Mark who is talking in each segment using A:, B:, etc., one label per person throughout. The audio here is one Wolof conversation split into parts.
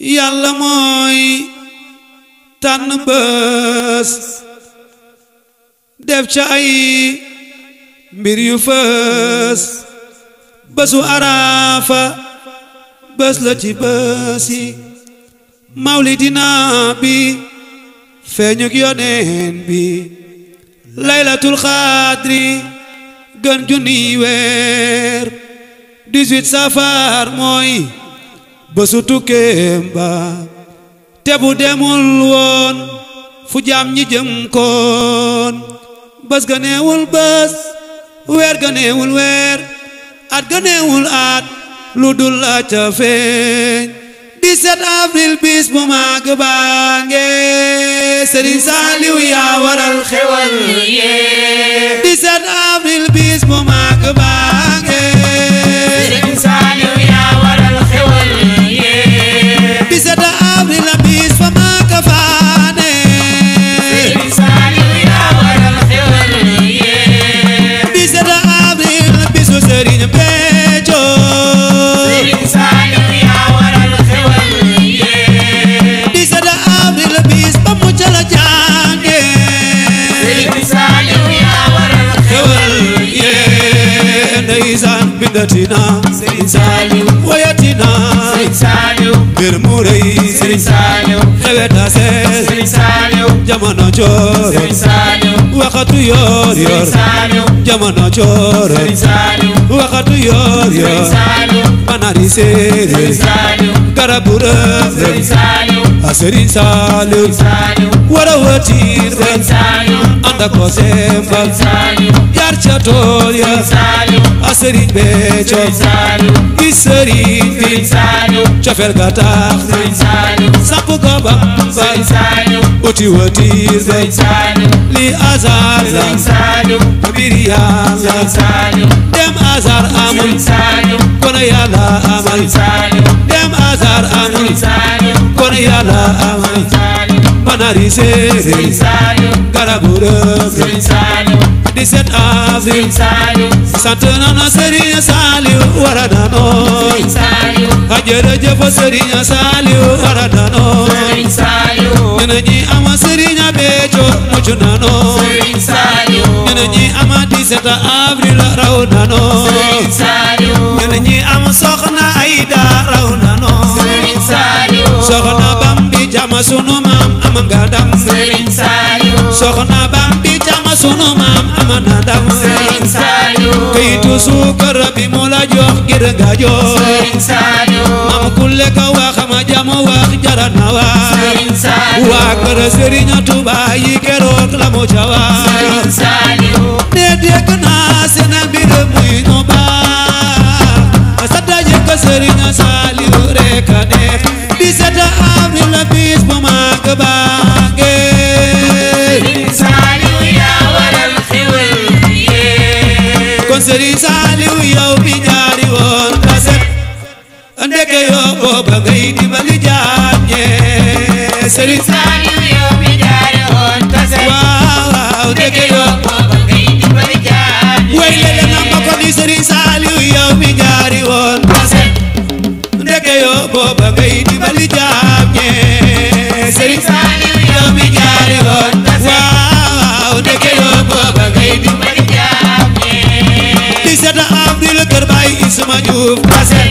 A: yàlla mooy tànn bés def ca ay mbir yu fës bésu araafa bés la ci bés yi mawlidina bi feeñuk yoneen bi laylatul xaadri gën junni weer 18 safar besutu kemba tebu demul won fu jam ñi jëm kon bas ganewul bas wer ganewul wer at ganewul at ludul la ca fe 17 avril bis bu màgg baa ngee Sëriñ Saaliw ya waral xewal ye woyatina Serigne Saliou woyatina Serigne Saliou mbir mu rëy Serigne Saliou xewet na sees Serigne Saliou jamono joor Serigne Saliou waxatu yoor yoor jamono joor waxatu yoor yoor manari séeréer garabu rëf rëf a Sëriñ Saaliw wara wëtiir rëf anda ko sembal yar ca tool ya a Sëriñ Béthio i sëriñ bi cofeel ga tax na sampu ga bambal uti wëtiir li azar zanzanyo kubiriya zanzanyo dem azar amun zanzanyo kona yala amun zanzanyo dem azar amun saliu. kona yala amun zanzanyo panari se zanzanyo karabure zanzanyo Dicen a zinzanyo Santo na serinha salio Wara da no Zinzanyo Ajere je fo serinha salio Wara nena ñi ama Serigne Abejo mucc nano Serigne Saliou nena ñi ama 17 a raw nano Serigne Saliou nena ñi ama soxna Aida raw nano Serigne Saliou soxna Bambi jama sunu maam ama nga dam Serigne Saliou soxna Bambi jama bi mu la jox nga jox Serigne Saliou mam kulle ka waa kër Sëriñ Tuubaa yi keroog la mu jawaan ne dégg naa seen mbir muy nu baax sa daje ko Sëriñ Saaliw rek a neex dix-sept avril la bis bu mag bàngee kon Sëriñ Saaliw yow bi ñaari woon kaset ndeke yoo booba ngay Serigne Saliou yow mi jaare woon tase waaw waaw dëgg yow moo ko ngay dimbali jaar way le na ma ko di Serigne Saliou yow mi jaare woon tase dëgg yow moo ko ngay dimbali jaar ñe Serigne Saliou yow mi jaare woon tase waaw waaw dëgg yow moo ko ngay dimbali jaar ñe di seeta avril kër Baye Isma Diouf tase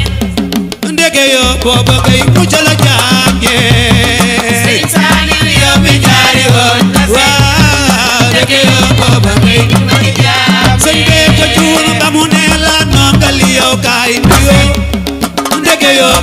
A: dëgg yow moo ko ngay muccal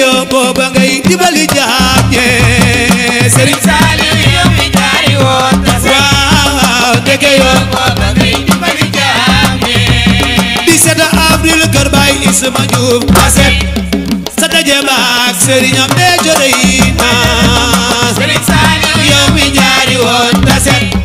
A: yo booba ngay dibali jaam ñee Serigne Saliou yow mi jaari woon tasa waaw ndeke yo booba ngay dibali jaam ñee 17 avril kër Baay Isma Diouf aset sa daje ba ak Serigne am de jore yi naa Serigne Saliou yow mi jaari woon taset